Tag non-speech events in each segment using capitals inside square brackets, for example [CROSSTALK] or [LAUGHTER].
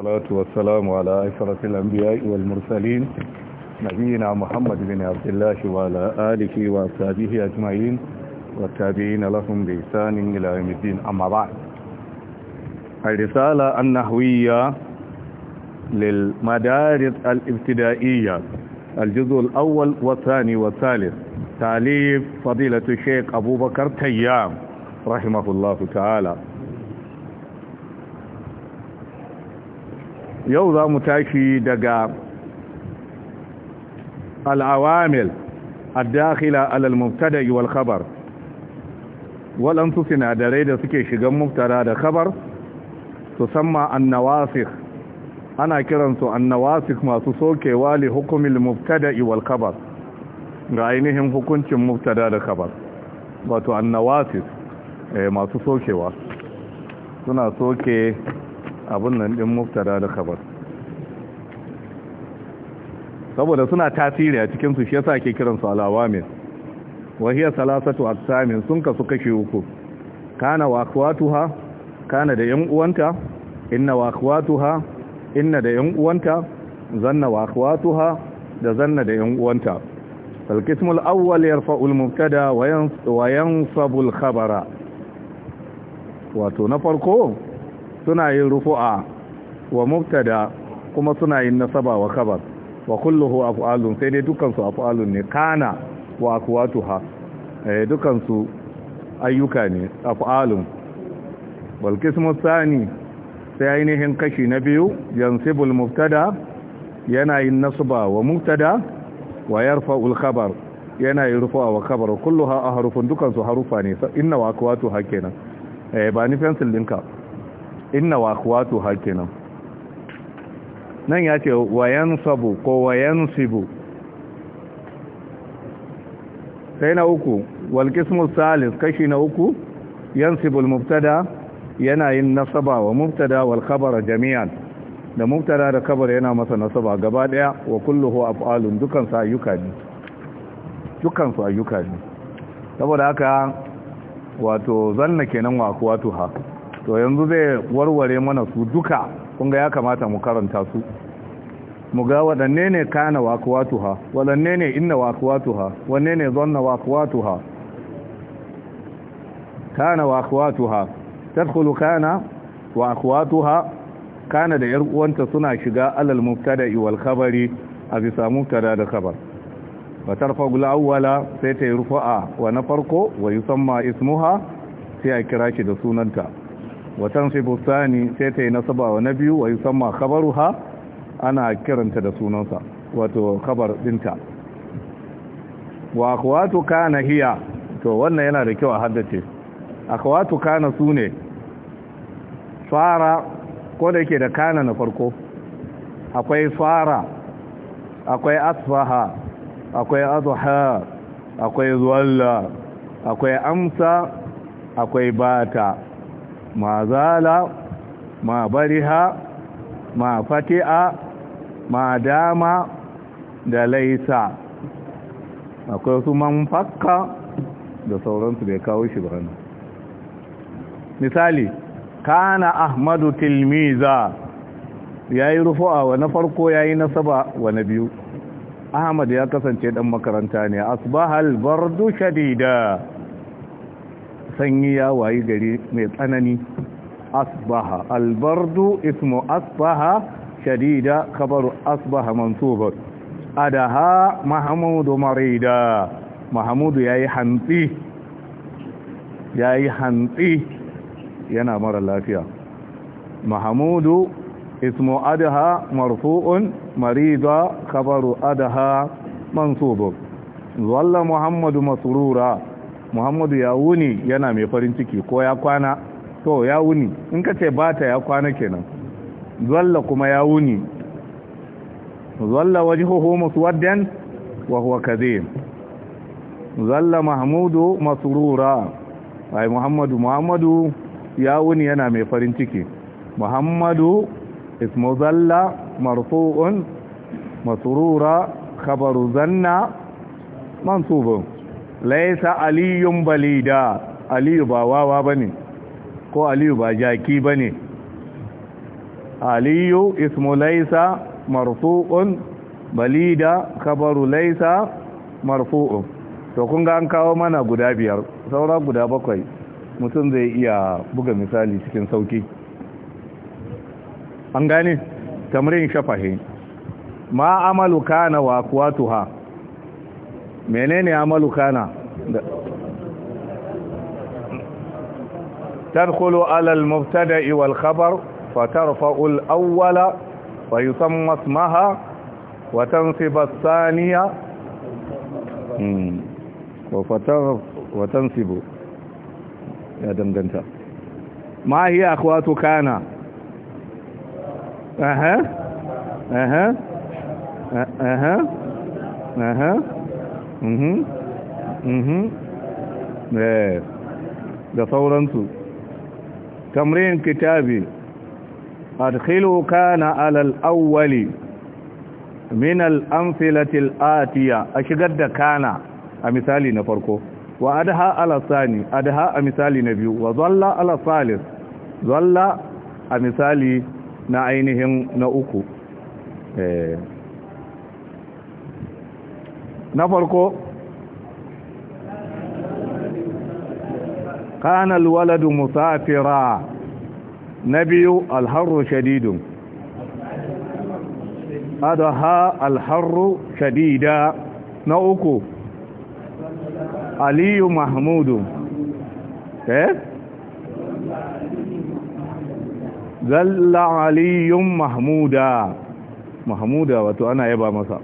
والصلاة والسلام على أشرف الأنبياء والمرسلين نبينا محمد بن عبد الله وعلى آله وأصحابه أجمعين والتابعين لهم بإحسان إلى يوم الدين أما بعد الرسالة النحوية للمدارس الابتدائية الجزء الأول والثاني والثالث تاليف فضيلة الشيخ أبو بكر تيام رحمه الله تعالى yau za mu tashi daga al'awamil a alal mubtada wal khabar waɗansu sinadarai da suke shigan muftada da kabar su samma annawasik ana kiransu annawasik masu sokewa li hukumin mubtada khabar ga ainihin hukuncin muftada da khabar wato annawasik eh, masu sokewa suna soke Abin nan din mubtada da khabar saboda suna tasiri a cikin su shi yasa ake kiran su alawamin wa hiya salasatu aqsamin sun kasu kashe uku kana wa ha? kana da yan uwanta inna wa ha? inna da yan uwanta zanna wa ha? da zanna da yan uwanta فالقسم الأول يرفع المبتدا Wato na farko? suna yin rufu'a wa mubtada kuma suna yin nasaba wa khabar wa kulluhu af'alun sai dai dukkan su af'alun ne kana wa akwatuha eh dukkan su ayyuka ne af'alun wal qismu thani sai ainihin kashi na biyu yansibul mubtada yana yin nasaba wa mubtada wa yarfa'ul khabar yana yin rufu'a wa khabar kulluha ahrufun dukkan su harufa ne inna wa akwatuha kenan eh ba ni pencil dinka inna wa akhwatu hakinan nan ya ce wayan sabu ko wayan sibu sai na uku wal qismu salis kashi na uku yansibul mubtada yana yin nasaba wa mubtada wal khabar jami'an da mubtada da khabar yana masa nasaba gaba daya wa kulluhu af'alun dukan sa ayyuka ne dukan ayyuka ne saboda haka wato zanna kenan wa akwatu haka to yanzu zai warware mana su duka kunga ya kamata mu karanta su mu ga waɗanne ne kana ha waɗanne ne inna ha wanne ne zonna ha kana wakuwatuha tadkhulu kana ha kana da yar uwanta suna shiga alal mubtada'i wal khabari a bisa mubtada da khabar wa tarfa'u gula awwala sai ta yi rufa'a wa na farko wa yusamma ismuha sai a kira shi da sunanta watan sibustani sai ta yi nasaba wa na biyu wa kabaru ha ana kiranta da sunansa wato kabar dinta wa akwatu kana hiya to wannan yana da kyau a haddace akwatu kana ne fara ko da yake da kana na farko akwai fara akwai asfaha akwai azha akwai zuwalla akwai amsa akwai bata ma zala ma bariha ma fati'a ma dama da laisa akwai su fakka da sauransu bai kawo shi ba misali kana ahmadu tilmiza ya yi rufu'a wa na farko ya yi nasaba wa na biyu ahmad ya kasance dan makaranta ne asbahal bardu shadida sanyi ya wayi gari mai tsanani asbaha albardu ismu asbaha shadida kabaru asbaha mansubar adaha mahamudu marida mahamudu ya yi hantsi ya hantsi yana mara lafiya mahamudu ismu adaha marfu'un marida kabaru adaha mansubar walla muhammadu masurura muhammadu ya wuni yana mai farin ciki ko ya kwana to ya wuni in ka ce ba ta ya kwana kenan zalla kuma ya wuni zalla wajhuhu muswaddan wa huwa kadhib zalla masu rura ai muhammadu muhammadu ya wuni yana mai farin ciki muhammadu ismu zalla marfu'un rura khabaru zanna mansubun laisa aliyun balida aliyu ba wawa ne ko aliyu ba jaki bane aliyu ismu laisa marfu'un balida Kabaru laisa marfu'un to kun ga an kawo mana guda biyar saura guda bakwai mutum zai iya buga misali cikin sauki an gane tamrin shafahi ma amalu kana wa kuwatuha menene amalu kana تدخل على المبتدا والخبر فترفع الأول ويسمى اسمها وتنصب الثانية وتنصب يا دمدنتا ما هي أخوات كان أها أها أها أها أها Mm-hmm. Mm-hmm. da sauransu tamrin kitabi adkhilu kana al awwali min al-amthilati al-atiya a shigar da kana a misali na farko wa adha ala sani adha a misali na biyu wa zalla ala salis zalla a misali na ainihin na uku eh na farko kana alwaladu musafira na biyu alharru shadidun adaha alharru shadida na uku aliyu mahmudu eh zalla aliyun mahmuda mahmuda wato ana yaba masa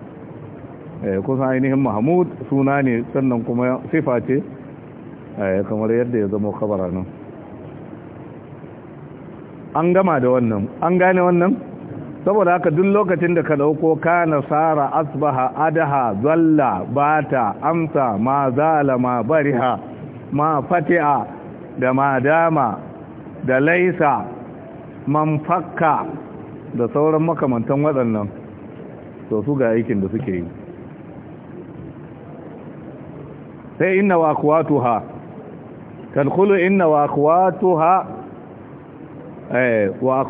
Eh, kusan ainihin mahmud suna ne sannan kuma sifa ce eh, kamar yadda ya zama kabara nan an gama da wannan an gane wannan saboda haka duk lokacin da ka dauko kana sara asbaha adaha zalla bata amsa ma zala ma bariha ma fati'a da ma dama da laisa man fakka da sauran makamantan waɗannan to su ga aikin da suke yi sai inna wa akwatuha tadkhulu inna wa akwatuha eh wa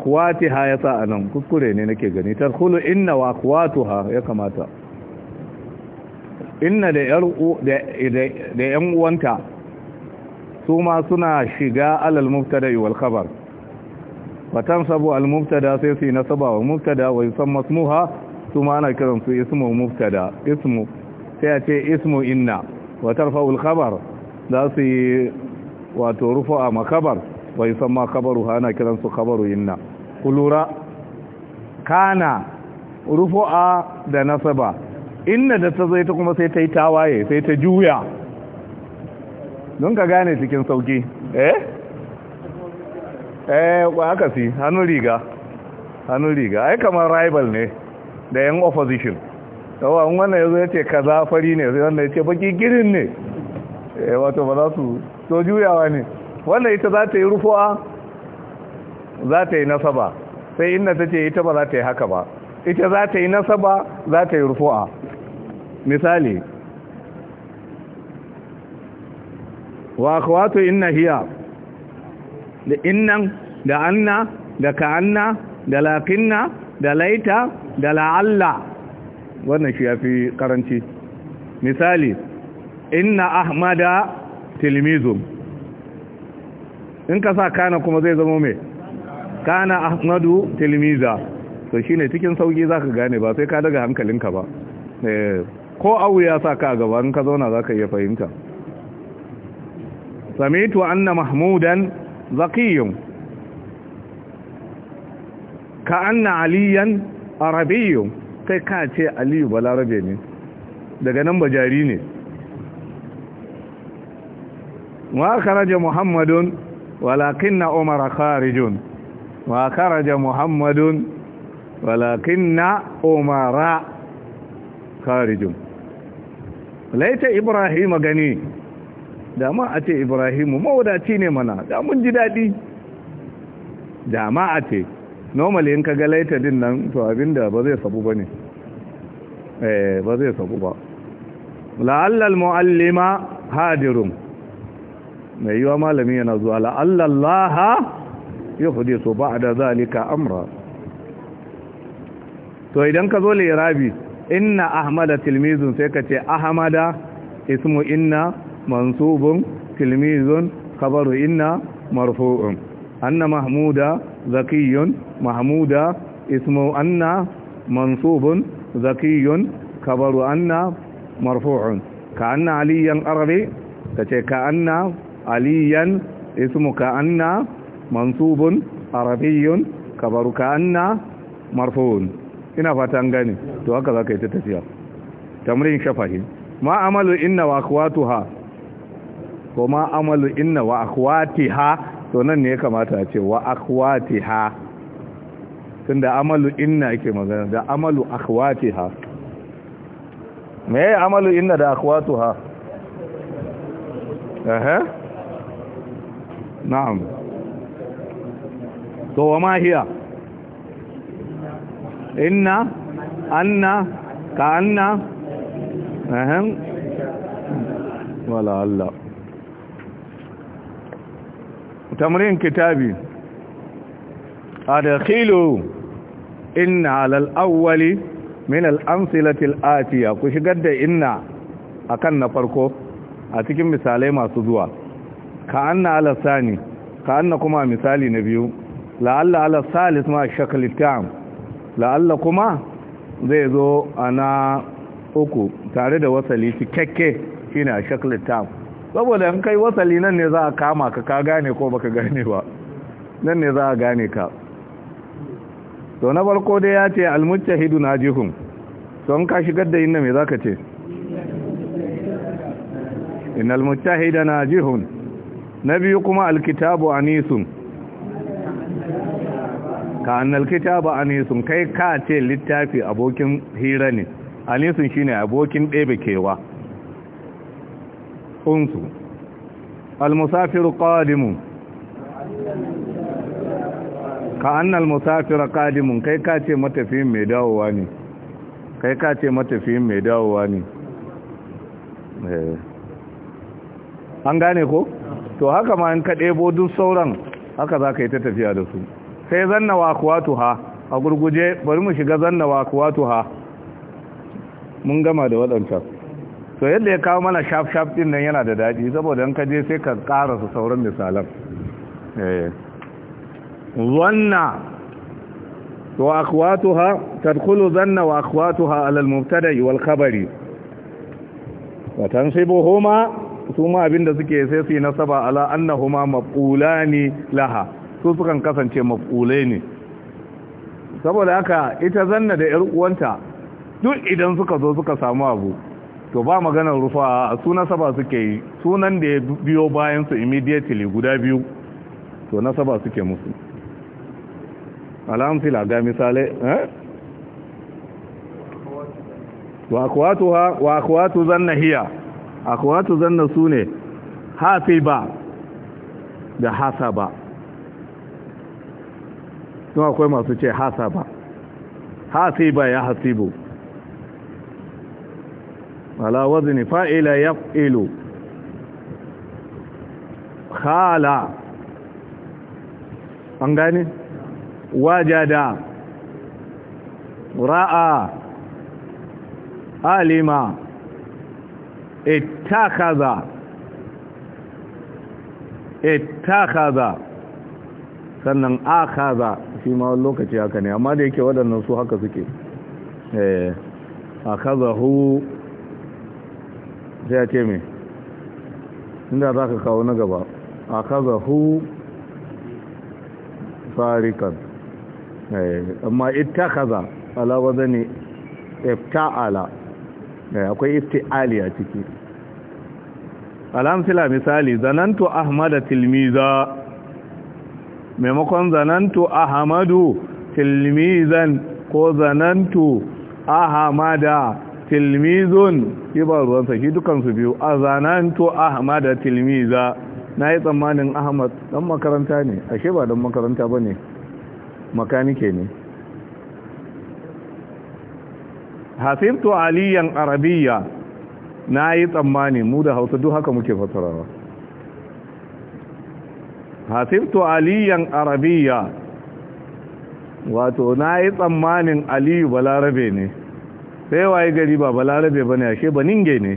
ya yasa anan kuskure ne nake gani tadkhulu inna wa akwatuha ya kamata inna da yan uwanta su ma suna shiga alal muftada wal khabar sabu al mubtada sai su nasaba wa mubtada wa san masmuha su ma ana kiransu ismu muftada, ismu sai a ce ismu inna wa tarfa'ul khabar za su yi wato rufu'a makabar wai san ma kabaru kiran su kabaru inna kulura kana rufu'a da nasaba inna da ta zai ta kuma sai ta yi tawaye sai ta juya don ka gane cikin sauki eh eh haka si hannun riga hannun riga ai kamar rival ne da yan opposition yawa an wannan ya ya ce kaza fari ne sai wannan ya ce baki girin ne eh, wato ba za su so juyawa ne wannan ita za ta yi rufuwa za ta yi nasaba sai inda ta ce ita ba za ta yi haka ba ita za ta yi nasaba za ta yi rufuwa misali wa akhwatu inna hiya da innan da anna da ka'anna da laƙinna da laita da la'alla wannan shi ya fi karanci misali inna ahmada tilmizum in ka sa kana kuma zai zama mai kana ahmadu tilmiza to shine cikin sauki zaka gane ba sai ka daga hankalinka ba eh, ko awu ya sa ka gaba in ka zauna zaka iya fahimta samitu anna mahmudan zaqiyyun ka anna aliyan arabiyyun kai ka ce aliyu balarabe ne daga nan bajari ne wa karaja muhammadun walakin na umar kharijun wa karaja muhammadun walakin na umara kharijun laita ibrahim gani dama a ce ibrahimu mawadaci ne mana da mun ji daɗi dama a ce normally in ka ga laita din nan to abinda ba zai sabu ba ne eh ba zai sabu ba la'allal mu'allima hadirun mai yiwa malami yana zuwa la'allallaha ya fude so ba da zalika amra to idan ka zo lirabi inna ahmada tilmizun sai ka ce ahmada ismu inna mansubun tilmizun khabaru inna marfu'un أن محمود ذكي محمود اسمه أن منصوب ذكي خبر أن مرفوع كأن عليا عربي كأن عليا اسم كأن منصوب عربي خبر كأن مرفوع ina fata an to haka za ka ta tafiya tamrin shafahi ma amalu ma amalu wa to nan ne ya kamata a ce wa akhwatiha tunda amalu inna yake magana da amalu ha? me ya amalu inna da ha? ehe na'am to wa ma hiya inna anna ka anna ehe wala Allah tamrin kitabi adkhilu inna alal awwali min al atiya ku shigar da inna akan na farko a cikin misalai masu zuwa ka anna alasani, ka anna kuma misali na biyu la'alla ala ma shakli la'alla kuma zai zo ana uku tare da wasali cikakke shine shakli tam saboda in kai wasali nan ne za a kama ka ka gane ko baka gane ba nan ne za a gane ka to na farko dai ya ce almujtahidu najihun to in ka shigar da inna me zaka ce innal mujtahida najihun na biyu kuma alkitabu anisun ka annal kitabu anisun kai ka ce littafi abokin hira ne anisun shine abokin ɗebe kewa أنس المسافر قادم كأن المسافر قادم كي كاتي متفين ميداواني كي كاتي متفين an gane ko to haka ma in ka ɗebo duk sauran haka za ka yi ta tafiya da su sai zanna wakuwatu ha a gurguje bari mu shiga zanna wakuwatu ha mun gama da waɗancan to yadda ya kawo mana shaf shaf din nan yana da daɗi saboda an ka sai ka kara su sauran misalan eh. zanna wa akhwatuha tadkhulu zanna wa akhwatuha ala al-mubtada'i wal khabari wa tansibuhuma kuma abinda suke sai su nasaba ala annahuma maqulani laha su sukan kasance maqulai ne saboda haka ita zanna da yar uwanta duk idan suka zo suka samu abu to ba maganar rufa a suna saba suke yi sunan da ya biyo bayan su immediately guda biyu to na saba suke musu alhamdulillah ga misali eh wa wa akwatu zanna hiya akwatu zanna sune ba da hasaba to akwai masu ce hasaba hasiba ya hasibu ala wazni fa'ila yaf'ilu khala an gane wajada ra'a alima ittakhadha ittakhadha sannan za shi ma lokaci haka ne amma da yake waɗannan su haka suke eh hu. sai ya ce mai inda za ka kawo na gaba a kaza hu farikan eh, amma ita kaza alawa zane ifta'ala eh, akwai ali a ciki alamsila misali zanantu ahmada tilmiza maimakon zanantu ahmadu tilmizan ko zanantu ahmada tilmizun shi ba ruwansa shi dukansu biyu a zananto da tilmiza na yi tsammanin ahmad dan makaranta ne ashe ba dan makaranta ba ne makanike ne hasibtu aliyan arabiya na yi tsammani mu da hausa duk haka muke fasarawa hasibtu aliyan arabiya wato na yi tsammanin aliyu balarabe ne sai waye gari ba balarabe ba ne ashe ba ninge ne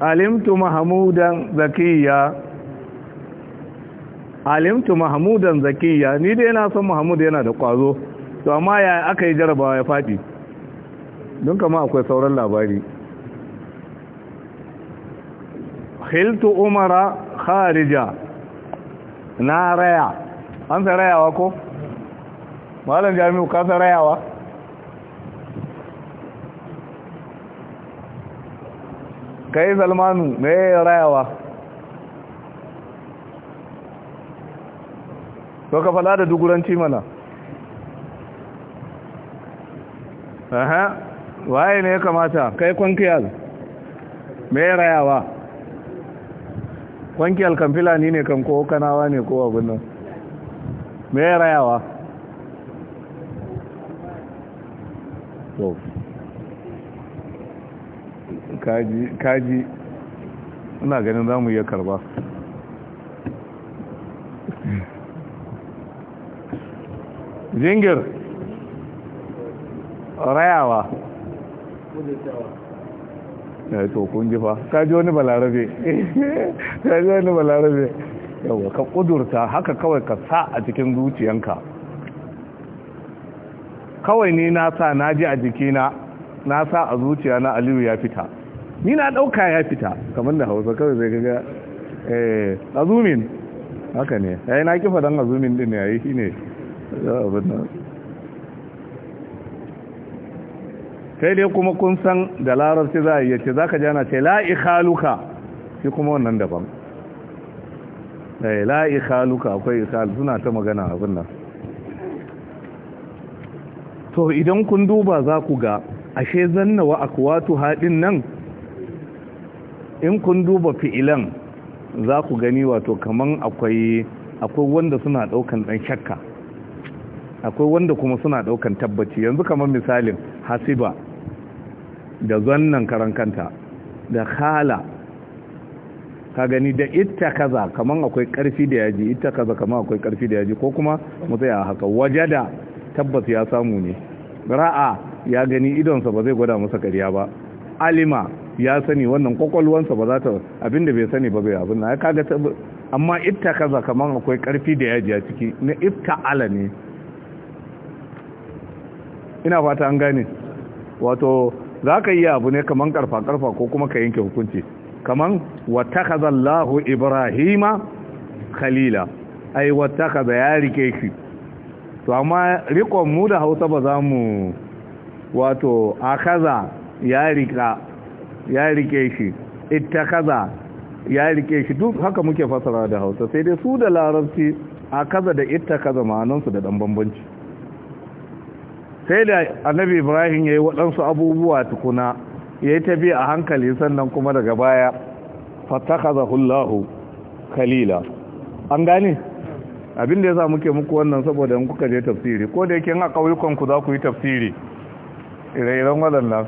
alimtu mahamudan zakiya ni dai na san mahamud yana da kwazo to amma ya aka yi jarabawa ya faɗi don kama akwai sauran labari hiltu umara kharija na raya an sai rayawa ko? malam jami'u ka san rayawa kai salmanu me rayawa to ka fada da duguranci mana aha waye ne ya kamata kai kwankiyal me rayawa kwankiyal kan filani ne kan ko kanawa ne ko abin nan me rayawa kaji kaji ina ganin za mu iya karba jingir rayawa ya eh, to jifa kaji wani balarabe [LAUGHS] kaji wani balarabe yau ka kudurta haka kawai ka sa a cikin zuciyanka kawai ni na sa na ji a jikina na sa a zuciya na aliyu ya fita ni na ɗauka ya fita kamar da hausa kawai zai gaga eh azumin haka ne yayi na kifa dan azumin din yayi shine sai dai kuma kun san da larabci za a yi ce za ka jana ce la'ikhaluka shi kuma wannan daban eh, la'ikhaluka akwai isa suna ta magana abin nan to idan kun duba za ku ga ashe zanna wa akwatu haɗin nan in kun duba fi'ilan za ku gani wato kaman akwai akwai wanda suna ɗaukan ɗan shakka akwai wanda kuma suna ɗaukan tabbaci yanzu kamar misalin hasiba da zannan karankanta da khala ka gani da ita kaza kaman akwai ƙarfi da yaji ita kaza kaman akwai ƙarfi da yaji ko kuma mu tsaya haka wajada tabbas ya samu ne ra'a ya gani idonsa ba zai gwada masa ƙarya ba alima ya sani wannan kwakwalwansa ba za ta abinda bai sani ba bai abin na kaga ta amma ita kaza kamar akwai karfi da yaji a ciki na ita ala ne ina fata an gane wato za ka yi abu ne kamar karfa-karfa ko kuma ka yanke hukunci kamar wata kaza lahu Ibrahima Khalila ai wata kaza ya rike shi to amma rikon mu da hausa ba za mu wato a kaza ya rika rike shi ita kaza ya rike shi duk haka muke fasara da hausa sai dai su da larabci a kaza da ita kaza ma'anansu da dan bambanci sai da annabi ibrahim ya yi waɗansu abubuwa tukuna ya yi tafi a hankali sannan kuma daga baya kaza hullahu kalila an gane abin da sa muke muku wannan saboda in kuka je tafsiri ko da yake a kauyukan ku za ku yi tafsiri ire-iren waɗannan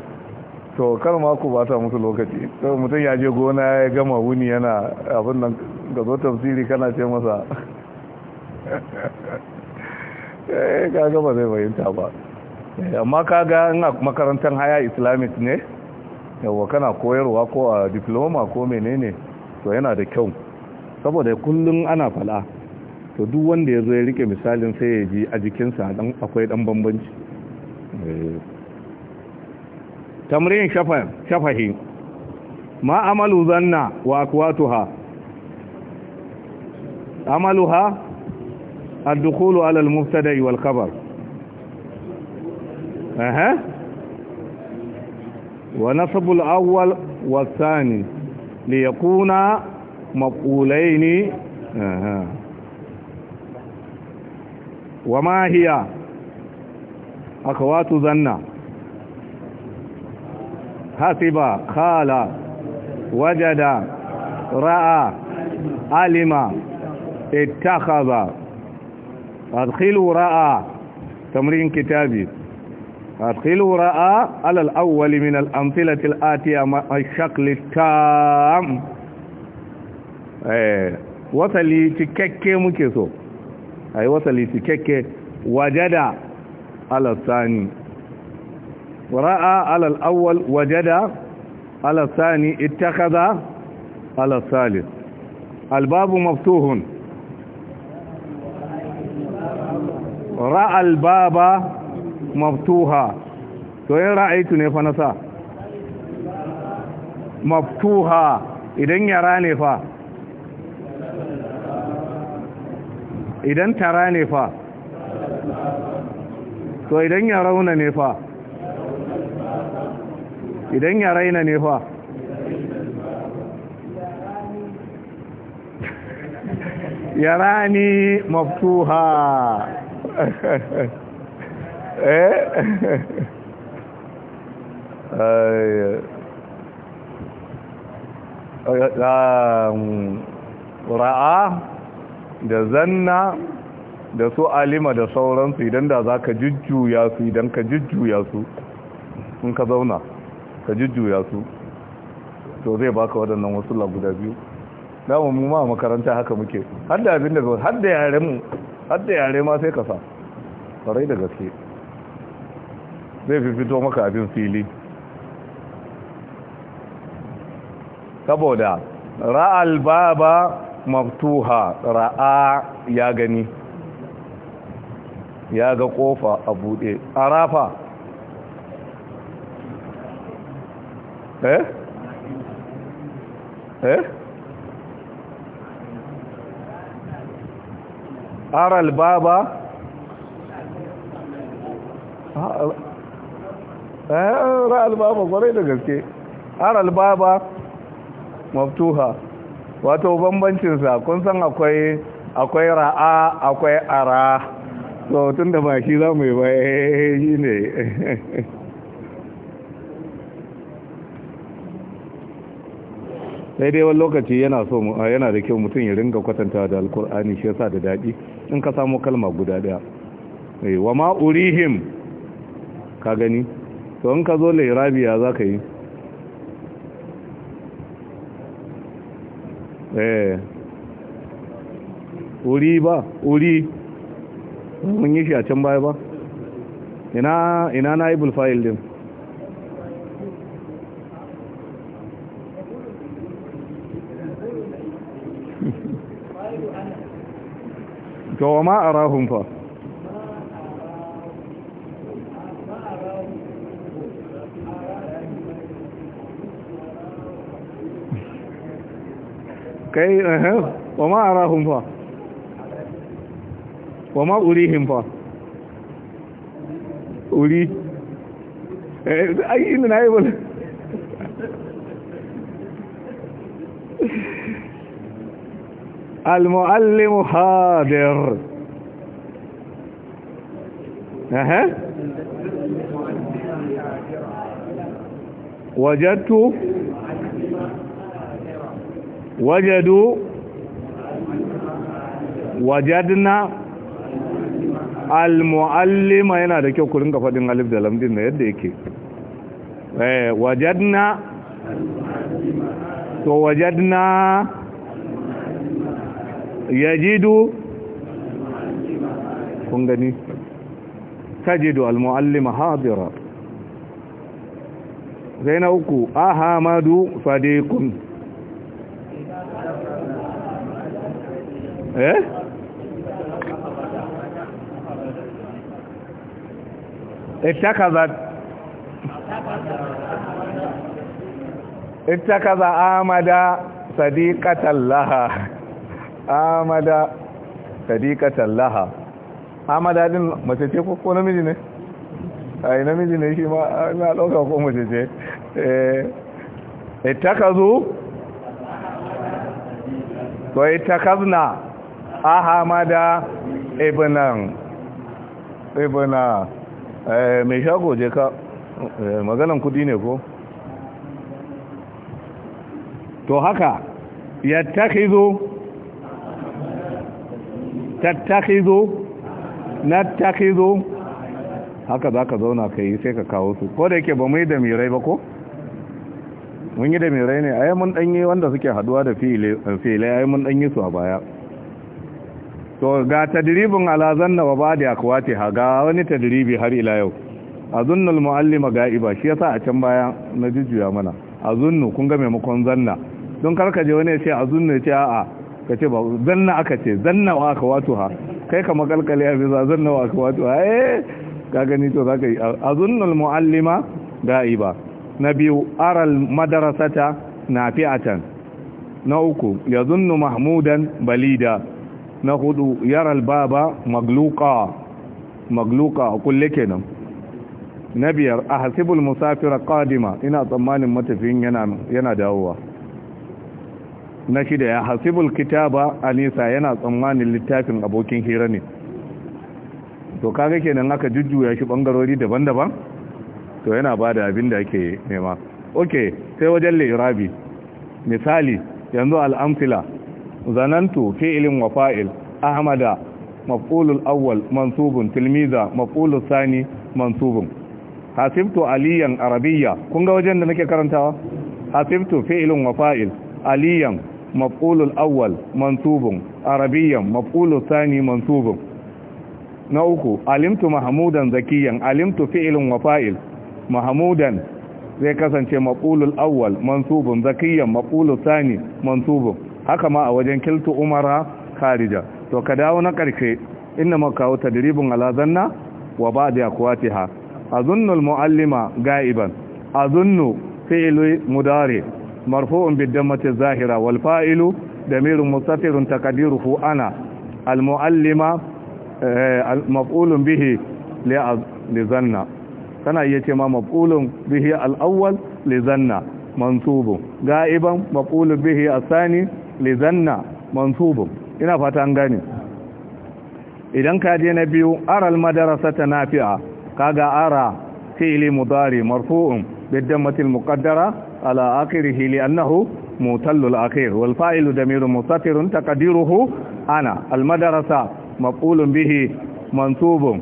to kar ma ku ba ta musu lokaci to mutum ya je gona ya gama wuni yana abin nan ga zo tafsiri kana ce masa eh ba zai fahimta ba eh, amma kaga in a makarantar haya islamic ne yawa kana koyarwa ko a diploma ko menene to yana da kyau saboda kullum ana fala to duk wanda ya zo ya rike misalin sai ya ji a jikinsa dan akwai dan bambanci eh. tamrin shafa shafahi ma amalu zanna wa aqwatuha amaluha ad-dukhulu ala al-mubtada wal khabar aha wa nasb al-awwal wa ath-thani li maqulaini aha وما هي أخوات zanna حسب خال وجد رأى علم اتخذ ادخلوا رأى تمرين كتابي ادخلوا رأى على الاول من الامثله الاتيه مع الشكل التام ايه تككي تككه a yi wasali cikakke wajada alasani ra'a alal awwal wajada alasani ita kaza alasalis albabu maftuhun ra'a albaba maftuha to ra'ayi ra'aitu ne fa nasa maftuha idan yara ne fa idan tara ne fa to idan ya rauna ne fa idan ya raina ne fa ya rani maftuha ra'a da zanna da su alima da sauransu idan da za ka jujjuya su idan ka jujjuya su in ka zauna ka jujjuya su to zai baka waɗannan wasu guda biyu dama mu ma makaranta haka muke har da abin da zuwa har da yare mu har da yare ma sai ka sa farai da gaske zai fi fito maka abin fili saboda ra'al baba maftuha ra'a ya gani ya ga kofa a bude. arafa eh eh baba eh, ra'al baba kwarai da gaske aral baba maftuha wato bambancinsa kun san akwai akwai ra'a akwai ara so tun da za mu ba eh, eh, shi ne sai dai wani lokaci yana so eh, yana da kyau mutum ya ringa kwatanta da alkur'ani shi yasa da daɗi in ka samu kalma guda ɗaya wa ma urihim ka gani to in ka zo lairabiya za ka yi eh ori ba ori mun yi shi a can baya ba ina ina yi bulfayil din gawa [LAUGHS] ma a rahun fa اوكي اها وما اراهم فا وما اريهم فا اري اي من هاي المعلم حاضر اها وجدت wajadu wajadna al-mu'allima yana da kyau ku rinka faɗin alif da lamdin da yadda yake eh wajadna to wajadna yajidu kun gani tajidu al-mu'allima hadira zaina uku ahamadu fadikun eh ittakazat ittakaza amada sadiqatan laha amada sadiqatan laha amada din mace ce ko namiji ne ai namiji ne shi ma Ina dauka ko mace ce eh ittakazu to ittakazna ahamada ibinan ibina eh, mai shago je ka eh, maganan kudi ne ko to haka yattakizo tattakizo nattakizo haka za ka zauna ka yi sai ka kawo su ko da yake ba mu yi da mirai ba ko? mun yi da mirai ne a yi mun ɗanyi wanda suke haduwa da fiye eh, a yi mun ɗanyi su a baya to ga tadribin ala zanna wa ba da ha, ga wani tadribi har ila yau azunnu almuallima ga'iba shi yasa a can baya na jujjuya mana azunnu kun ga maimakon zanna don karka je wani ya ce azunnu ya ce a'a ka ce ba zanna aka ce zanna wa aka wato ha kai ka makalkale a bisa zanna wa aka wato ha eh ka gani to zaka yi azunnul muallima ga'iba na biyu aral madarasata nafi'atan na uku yazunnu mahmudan balida na hudu yara albaba magluka magluka a kulle kenan na biyar a hasibul musafira kadima ina tsammanin matafiyin yana dawowa na shida ya hasibul kitaba anisa yana tsammanin littafin abokin hira ne to kaga kenan aka jujjuya shi bangarori daban-daban to yana ba da abin da ake nema ok sai wajen lirabi misali yanzu al'amfila zanantu fi'ilin wa fa'il ahmada maf'ulul awwal mansubun tilmiza maf'ulul sani mansubun hasibtu aliyan arabiyya kun ga wajen da nake karantawa hasibtu fi'ilun wa fa'il aliyan maf'ulul awwal mansubun arabiyyan maf'ulul sani mansubun na uku alimtu mahmudan zakiyan alimtu fi'ilun wa fa'il mahmudan zai kasance maf'ulul awwal mansubun zakiyan maf'ulul sani mansubun haka ma a wajen kiltu umara kharija to ka dawo na karshe inna makawo tadribun ala zanna wa ba'd akwatiha azunnu mu'allima ga'iban azunnu fi'lu mudari marfu'un bidammati zahira wal fa'ilu damirun mustatirun taqdiruhu ana al almuallima eh, maf'ulun bihi li zanna kana iya ce ma maf'ulun bihi al-awwal li zanna mansubun ga'iban maf'ulun bihi as lizanna mansubun ina fata an gane idan ka je na biyu aral ta nafi'a kaga ara fi'li mudari marfu'un bidammati almuqaddara ala akhirih li'annahu mutallu da akhir wal fa'ilu damirun mustatirun taqdiruhu ana almadarasa maf'ulun bihi mansubun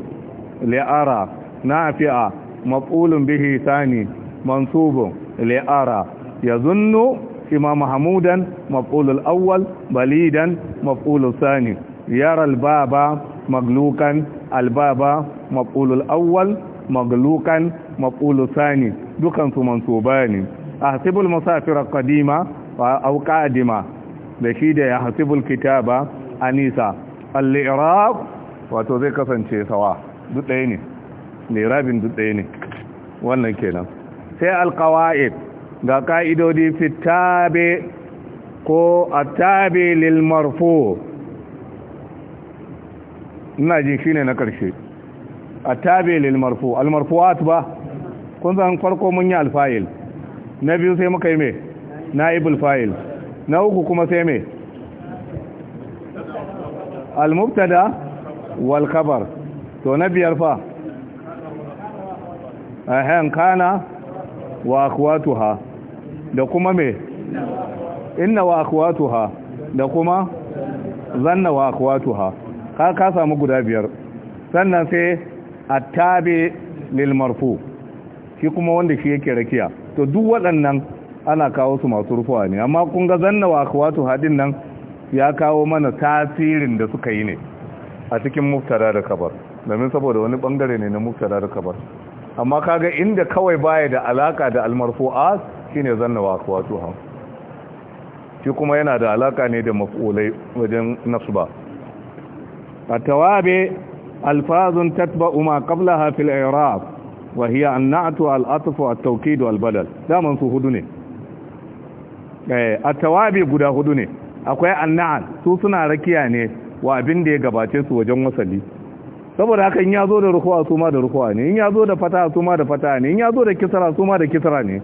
li'ara nafi'a maf'ulun bihi thani mansubun li'ara yazunnu shi ma mahamudan maf'ulul awwal balidan maf'ulul sani yara albaba maglukan albaba maf'ulul awwal maglukan maf'ulul sani dukansu dukan su mansubani ahsibul musafira qadima wa aw qadima da shi da yahsibul kitaba anisa al-i'rab wato zai kasance sawa duk ɗaya ne ne duk ɗaya ne wannan kenan sai alqawaid ga ka'idodi fitabe ko attabe lil marfu ina ji shine na karshe attabe lil marfu al marfuat ba kun san farko mun yi fa'il na biyu sai muka yi me naibul fa'il na uku kuma sai me al mubtada wal khabar to na biyar fa ahan kana wa akwatuha da kuma me inna wa akhwatuha da kuma zanna wa akhwatuha ka ka samu guda biyar sannan sai attabi lil marfu shi kuma wanda shi yake rakiya to duk waɗannan ana kawo su masu rufuwa ne amma kun ga zanna wa akhwatuha din nan ya kawo mana tasirin da suka yi ne a cikin muftara da kabar domin saboda wani bangare ne na muftara da kabar amma kaga inda kawai baya da alaka da almarfua shine zanna wasu ha shi kuma yana da alaka ne da maf'ulai wajen nasba at-tawabi alfazun tatba'u ma qablaha fil i'rab wa hiya an-na'tu al-atfu at-tawkid wal-badal daman su hudu ne eh at-tawabi guda hudu ne akwai an su suna rakiya ne wa abin da ya gabace su wajen wasali saboda haka in ya zo da rukuwa su ma da rukuwa ne in ya zo da fata su ma da fata ne in ya zo da kisra su ma da kisra ne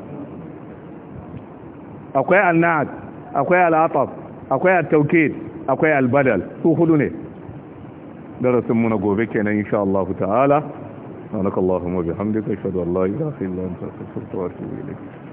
akwai annad akwai al'ataf akwai at-tawkid akwai al-badal su hudu ne darasin mu na gobe kenan insha Allah ta'ala wa subhanakallahumma bihamdika ashhadu an la ilaha illa anta astaghfiruka wa atubu ilayk